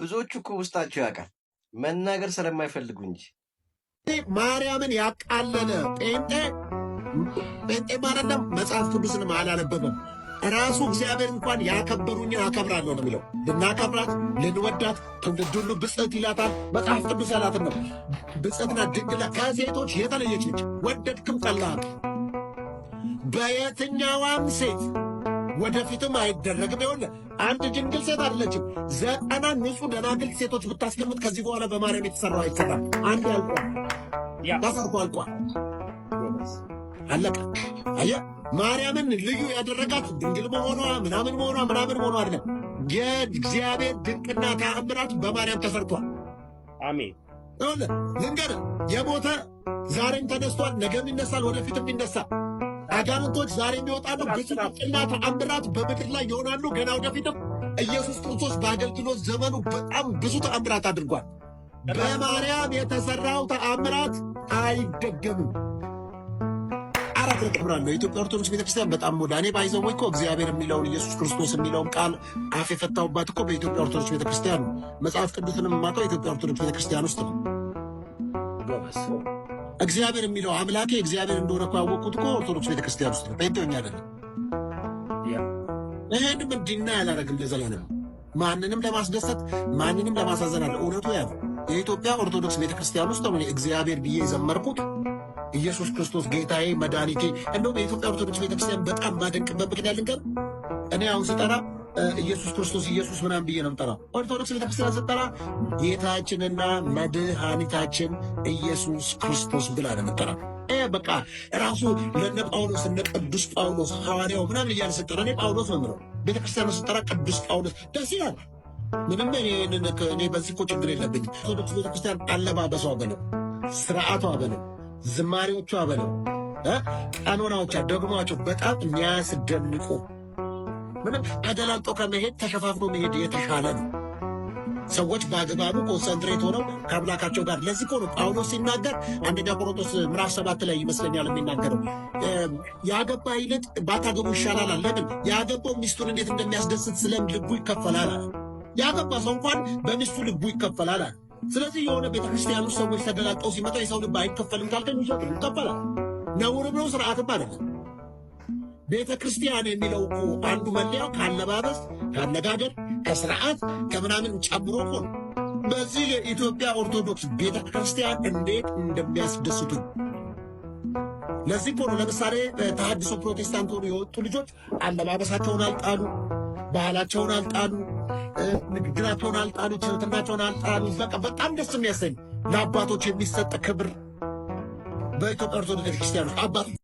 ብዙዎቹ እኮ ውስጣቸው ያውቃል መናገር ስለማይፈልጉ እንጂ ማርያምን ያቃለለ ጴንጤ ጴንጤ ማለት ነው። መጽሐፍ ቅዱስንም አላነበበም። ራሱ እግዚአብሔር እንኳን ያከበሩኝን አከብራለሁ ነው የሚለው። ልናከብራት ልንወዳት፣ ትውልድ ሁሉ ብጽዕት ይላታል መጽሐፍ ቅዱስ ያላትን ነው። ብጽዕትና ድንግላ ከሴቶች የተለየች ነች። ወደድክም ጠላህ በየትኛዋም ሴት ወደፊትም አይደረግም። ይሆነ አንድ ድንግል ሴት አለችም፣ ዘጠና ንጹህ ደናግል ሴቶች ብታስቀምጥ ከዚህ በኋላ በማርያም የተሰራው አይሰራም። አንድ ያልቋል፣ ተሰርቶ አልቋል፣ አለቀ። አየ ማርያምን ልዩ ያደረጋት ድንግል መሆኗ ምናምን መሆኗ ምናምን መሆኗ አለ። የእግዚአብሔር ድንቅና ተአምራት በማርያም ተሰርቷል። አሜን። ልንገር፣ የሞተ ዛሬም ተነስቷል፣ ነገም ይነሳል፣ ወደፊትም ይነሳል። አጋንንቶች ዛሬ የሚወጣሉ። ግጭት፣ ጥና ተአምራት በምድር ላይ ይሆናሉ። ገና ወደፊትም ኢየሱስ ክርስቶስ በአገልግሎት ዘመኑ በጣም ብዙ ተአምራት አድርጓል። በማርያም የተሰራው ተአምራት አይደገምም። አራት ኢትዮጵያ ነው የኢትዮጵያ ኦርቶዶክስ ቤተክርስቲያን በጣም ወዳ እኔ ባይዘው እኮ እግዚአብሔር የሚለውን ኢየሱስ ክርስቶስ የሚለውን ቃል አፍ የፈታውባት እኮ በኢትዮጵያ ኦርቶዶክስ ቤተክርስቲያን ነው። መጽሐፍ ቅዱስንም ማቀው የኢትዮጵያ ኦርቶዶክስ ቤተክርስቲያን ውስጥ ነው። እግዚአብሔር የሚለው አምላኬ እግዚአብሔር እንደሆነ እኮ ያወቅሁት እኮ ኦርቶዶክስ ቤተክርስቲያን ውስጥ ነው። ጴንጤ ሆኜ አይደለም። ይህንም እንዲና ያላረግም ለዘላለም ማንንም ለማስደሰት ማንንም ለማሳዘን አለ። እውነቱ ያ የኢትዮጵያ ኦርቶዶክስ ቤተክርስቲያን ውስጥ ነው እግዚአብሔር ብዬ የዘመርኩት ኢየሱስ ክርስቶስ ጌታዬ መድኃኒቴ። እንደውም የኢትዮጵያ ኦርቶዶክስ ቤተክርስቲያን በጣም ማደንቅበት ምክንያት ልንገር እኔ አሁን ስጠራ ኢየሱስ ክርስቶስ ኢየሱስ ምናምን ብዬ ነው የምጠራው። ኦርቶዶክስ ቤተክርስቲያን ስጠራ ጌታችንና መድኃኒታችን ኢየሱስ ክርስቶስ ብላ ነው የምጠራ። በቃ ራሱ ለነ ጳውሎስ እነ ቅዱስ ጳውሎስ ሐዋርያው ምናምን እያለ ስጠራ እኔ ጳውሎስ ነው የምለው። ቤተክርስቲያን ስጠራ ቅዱስ ጳውሎስ ደስ ይላል። ምንም እኔ በዚህ እኮ ችግር የለብኝም። ኦርቶዶክስ ቤተክርስቲያን አለባበሷ በለው፣ ስርዓቷ በለው፣ ዝማሬዎቿ በለው፣ ቀኖናዎቿ ደግሟቸው በጣም የሚያስደንቁ ምንም ተደላልጦ ከመሄድ ተሸፋፍኖ መሄድ የተሻለ ነው። ሰዎች በአግባቡ ኮንሰንትሬት ሆነው ከአምላካቸው ጋር ለዚህ እኮ ጳውሎስ ሲናገር አንደኛ ቆሮንቶስ ምዕራፍ ሰባት ላይ ይመስለኛል የሚናገረው ያገባ ይልቅ ባታገቡ ይሻላል። ለምን ያገባው ሚስቱን እንዴት እንደሚያስደስት ስለም ልቡ ይከፈላል። ያገባ ሰው እንኳን በሚስቱ ልቡ ይከፈላል። ስለዚህ የሆነ ቤተክርስቲያኑ ሰዎች ተደላጠው ሲመጣ የሰው ልብ አይከፈልም ካልከኝ ይሸጥ ይከፈላል። ነውርም ነው፣ ስርዓትም አይደለም። ቤተ ክርስቲያን የሚለው እኮ አንዱ መለያው ከአለባበስ ከአነጋገር ከስርዓት ከምናምን ጨምሮ እኮ ነው። በዚህ የኢትዮጵያ ኦርቶዶክስ ቤተ ክርስቲያን እንዴት እንደሚያስደስቱ ለዚህ እኮ ነው። ለምሳሌ ተሐድሶ ፕሮቴስታንት ሆኑ የወጡ ልጆች አለባበሳቸውን አልጣሉ፣ ባህላቸውን አልጣሉ፣ ንግግራቸውን አልጣሉ፣ ችትናቸውን አልጣሉ። በቃ በጣም ደስ የሚያሰኝ ለአባቶች የሚሰጥ ክብር በኢትዮጵያ ኦርቶዶክስ ቤተክርስቲያኖች አባት